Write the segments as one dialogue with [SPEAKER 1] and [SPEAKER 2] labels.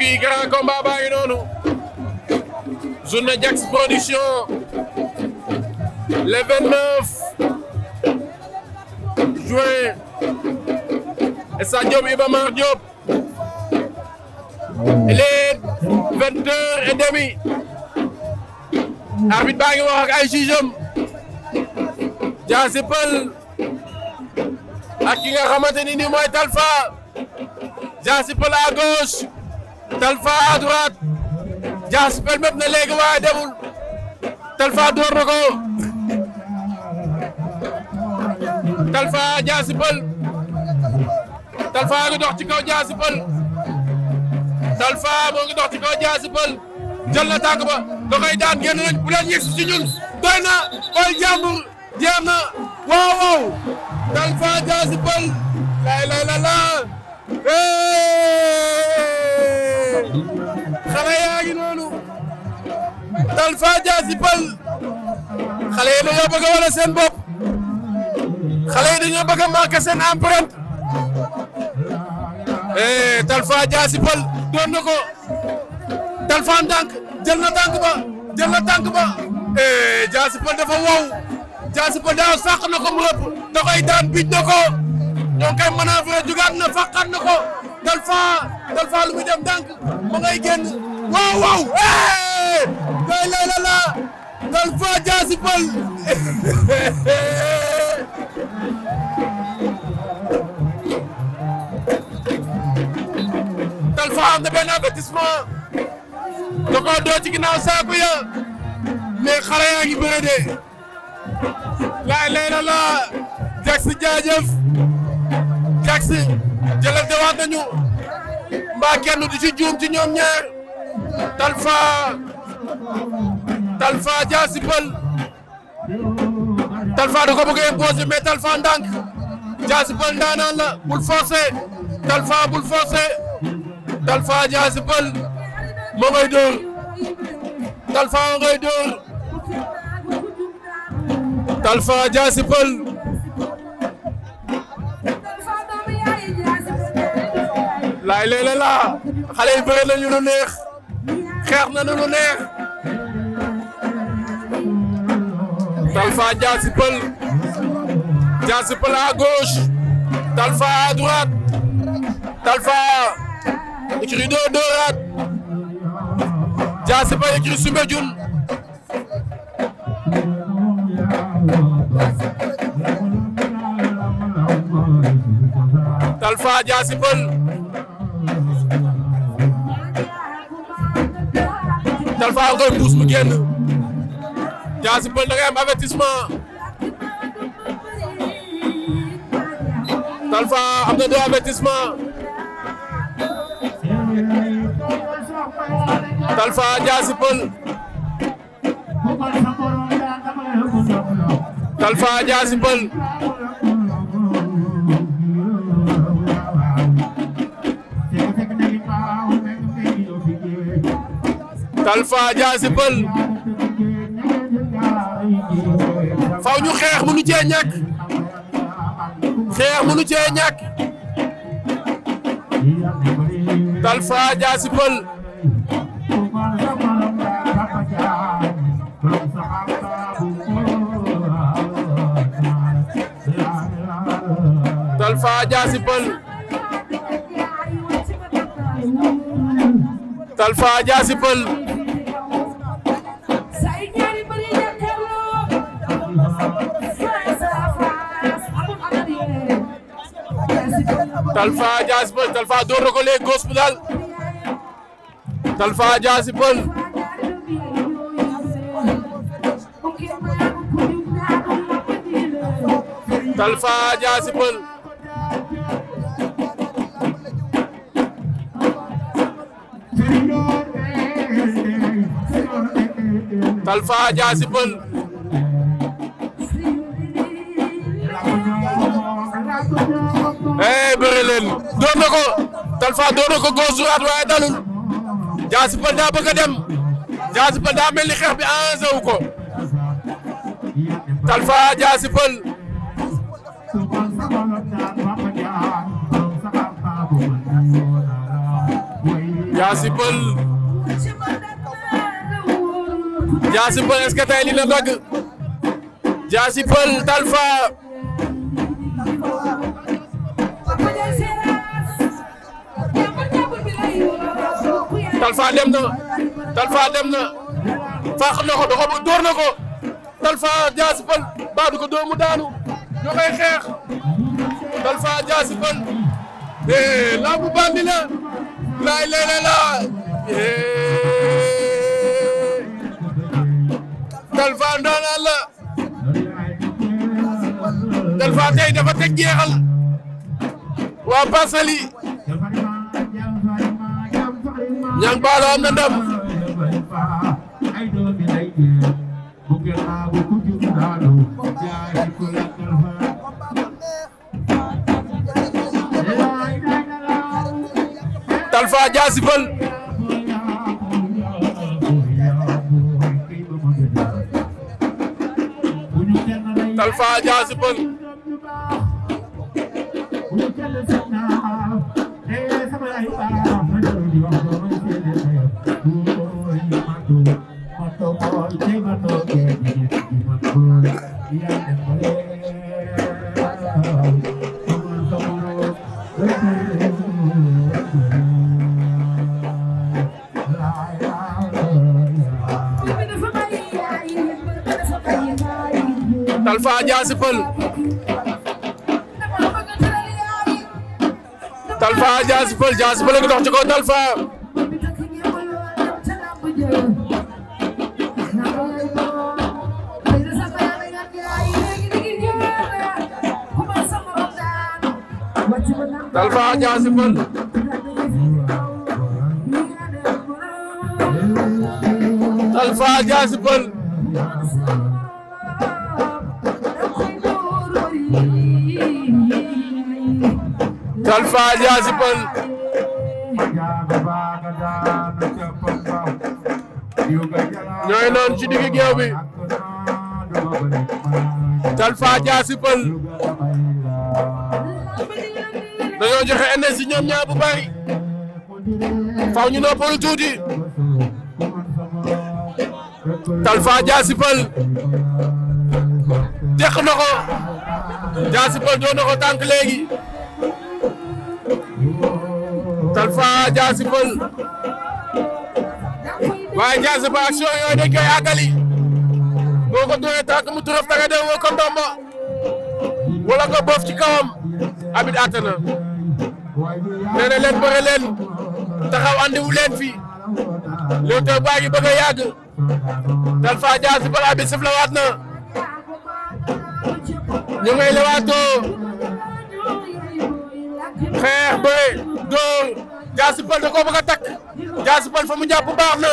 [SPEAKER 1] mbokk yi grand combat baa ngi noonu journée Diaks production le 29 juin stade Diop Iba Mar Diop il est vingt heures et demie arbitre baa ngi wax ak ay jugeem Diassy Peul ak ki nga xamante ni nii mooy Talfa Diassy Peul à gauche Talfa à droite Dias permet na léegi waaye demul Talfa door na ko Talfa Dias Peul Talfa ngi dox ci kaw Dias Peul Talfa moo ba da daan génn nañ bu ci ñun doy na koy jàmbur jeex na waaw waaw Talfa Dias Peul xale yaa ngi noonu dal fa jaasi pal xale yi dañoo bëgg a wane seen bopp xale yi dañoo bëgg a marqué seen empreinte eh jaasi pal doon na ko Talfa ndànk jël na tànk ba jël na tànk ba eh jaasi pal dafa wow jaasi pal daaw sàq na ko mu rëpp da koy daan biij na ko ñoo ngi koy jugaat na fàqaat na ko Talfa Talfa lu muy def ngay génn. waaw waaw eh day la la la dal fa jaasi pël dal fa am na benn avertissement da ko doo ci ginnaaw saaku ya mais xale yaa ngi bëre de laay lay la la Jax jaajëf Jax jëlante waat nañu mbaa kenn du ci juum ci ñoom ñaar Talfa Talfa Diassy Peul Talfa da ko bëgg a la bul forcer Talfa bul forcer Talfa Diassy Peul ma ngay dóor Talfa ma ngay dóor Talfa Diassy Peul laay léeg-léeg laa neex. xeex na nu neex Talfa Diassy Peul Diassy Peul à gauche Talfa à droite Talfa écurie de Dorate Fall Fall koy puus mu génn Jaasi Peul da ngay am avertissement Talfa am na deux avertissement Talfa Jaasi Peul Talfa Jaasi Peul Talfa Diassy Peul faw ñu xeex mënu cee ñàkk xeex mënu cee ñàkk Talfa Diassy Peul Talfa Diassy Peul Talfa Diassy Peul Talfa Diassy Peulh Talfa door na ko léegi góos bu daal Talfa Diassy Peulh Talfa Diassy Peulh Talfa Diassy Peulh eh bëri leen doon na ko Talfa doon na ko góor suraat waaye dalul Jaasi Pël daa bëgg a dem Jaasi Pël daa mel ni xeex bi enrangé wu ko Talfa Jaasi Pël Jaasi Pël Jaasi Pël est-ce que tey li na dagg Jaasi Pël Talfa Talfa dem na Talfa dem na faax na ko doxo door na ko Talfa Diassy Peulh baadu ko doomu daanu ñoo koy xeex Talfa Diassy Peulh la laay léeg-léeg laa eh Talfa ndaanaan la Talfa Niang Ballo am na jaasi fal Talfa Diassy Peul Talfa Diassy Peul Diassy Peul ngi dox ci kaw Talfa Talfa Jaasi Pël Talfa Jaasi Pël Talfa Jaasi noon ci digg géew bi Talfa Jaasi Pël dañoo joxe énergie ñoom ñaar bu bari faw ñu noppalu tuuti Talfa Diassy Peulh teq na ko Diassy Peulh doon na ko tànk léegi Talfa Diassy Peulh waaye Diassy Peulh action yooyu dañ koy àggali boo mu turaf da nga woo ko ndomba wala nga boof ci kawam abit àtte nee na leen bëre leen taxaw andiwu leen fii Leewtoo baa ngi bëgg a yàgg Talfa Dia si balaa bi siflawaat na ñu ngay lewaatoo xeex bëre dóor Dia si Peulh da koo bëgg a takk Dia si fa mu jàpp baax na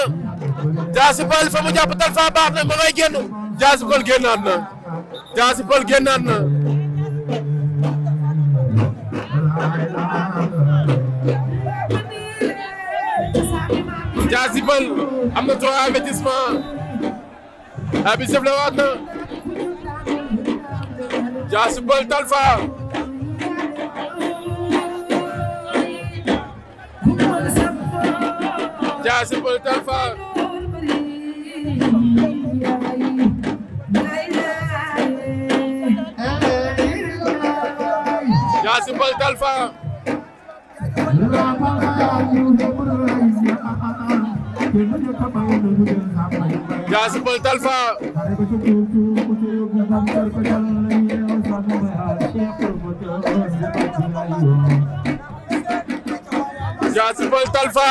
[SPEAKER 1] Dia si fa mu jàpp Talfa baax na ma ngay génn Dia si Peulh génnaat na Dia si Peulh génnaat na sippal am na trois avertissement abi sef la waat na Dia Sippal Talfa Dia Sippal Talfa Dia Sippal Talfa Jaasi Peul Talfa Jaasi Peul Talfa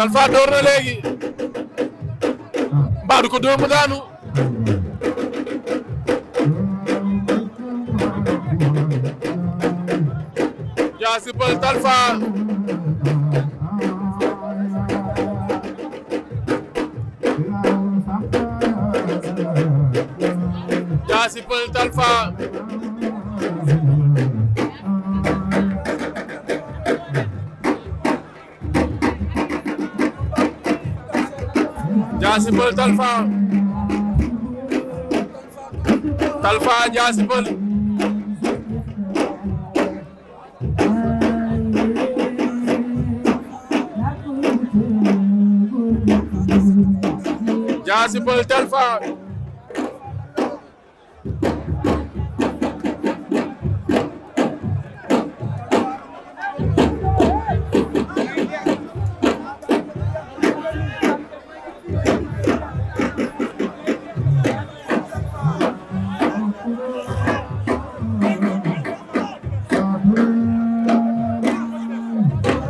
[SPEAKER 1] Talfa door na léegi mbaa du ko dóor mu daanu yaa si pël Talfa yaa si pël Talfa yaa si pël Talfa Talfa yaa si pël possible Talfa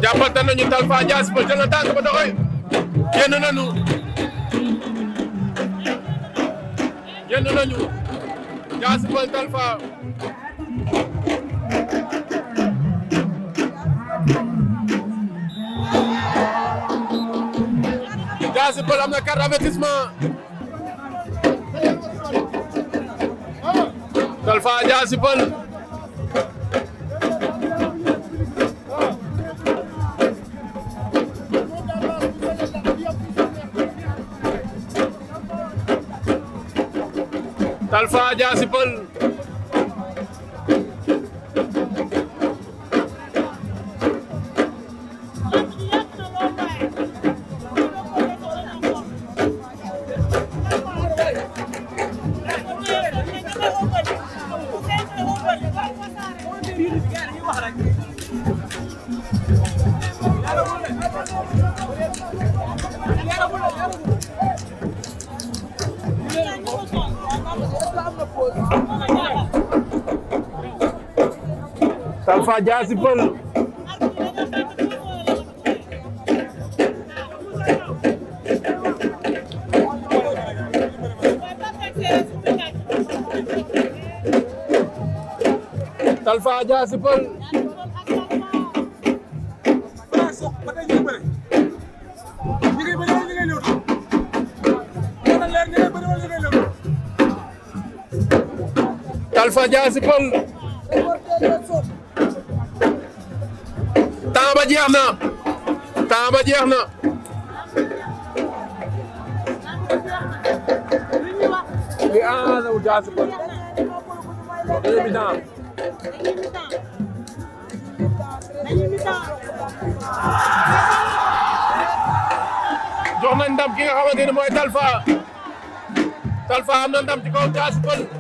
[SPEAKER 1] jàppante nañu Talfa Dia Sipeul jël na tànk ba doxee génn nañu génn nañu Jaasi Peul Talfa Jaasi Peul am na carte avertissement Talfa Jaasi Peul Talfa Dia Sy Peulh Alpha Dia si Pël Alpha Dia si Pël Alpha Dia si Pël jeex na temps ba jeex na li arrangé wu Dia Sy Peulh dañuy mi-temps jox nañ ndam ki nga xamante ne mooy Talfa Talfa am na ndam ci kaw Dia Sy Peulh